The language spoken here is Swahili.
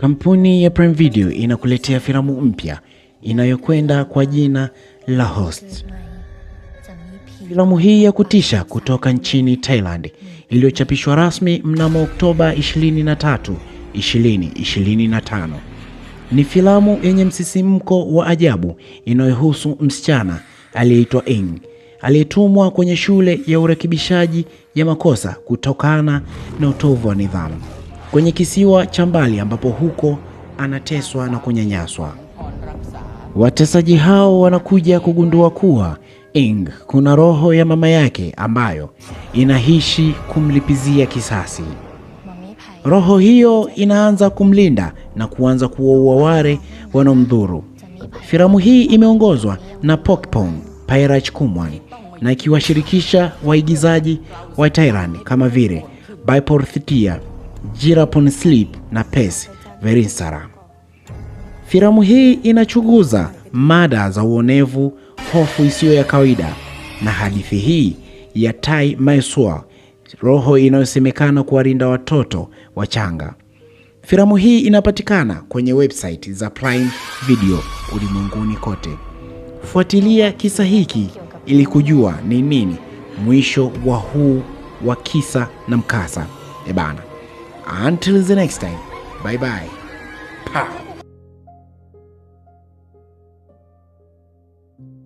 Kampuni ya Prime Video inakuletea filamu mpya inayokwenda kwa jina la Host. Filamu hii ya kutisha kutoka nchini Thailand iliyochapishwa rasmi mnamo Oktoba 23, 2025. Ni filamu yenye msisimko wa ajabu inayohusu msichana aliyeitwa Ing aliyetumwa kwenye shule ya urekebishaji ya makosa kutokana na utovu wa nidhamu kwenye kisiwa cha mbali ambapo huko anateswa na kunyanyaswa. Watesaji hao wanakuja kugundua kuwa Ing kuna roho ya mama yake ambayo inahishi kumlipizia kisasi. Roho hiyo inaanza kumlinda na kuanza kuwaua wale wanaomdhuru. Filamu hii imeongozwa na Pokpong Pairach Kumwan na ikiwashirikisha waigizaji wa Thailand kama vile Thitia Jirapon Sleep na Pesi Verinsara. Filamu hii inachunguza mada za uonevu, hofu isiyo ya kawaida na hadithi hii ya Tai Maesua, roho inayosemekana kuwalinda watoto wachanga. Filamu hii inapatikana kwenye website za Prime Video ulimwenguni kote. Fuatilia kisa hiki ili kujua ni nini mwisho wa huu wa kisa na mkasa. Ebana. Until the next time, bye bye. Pow.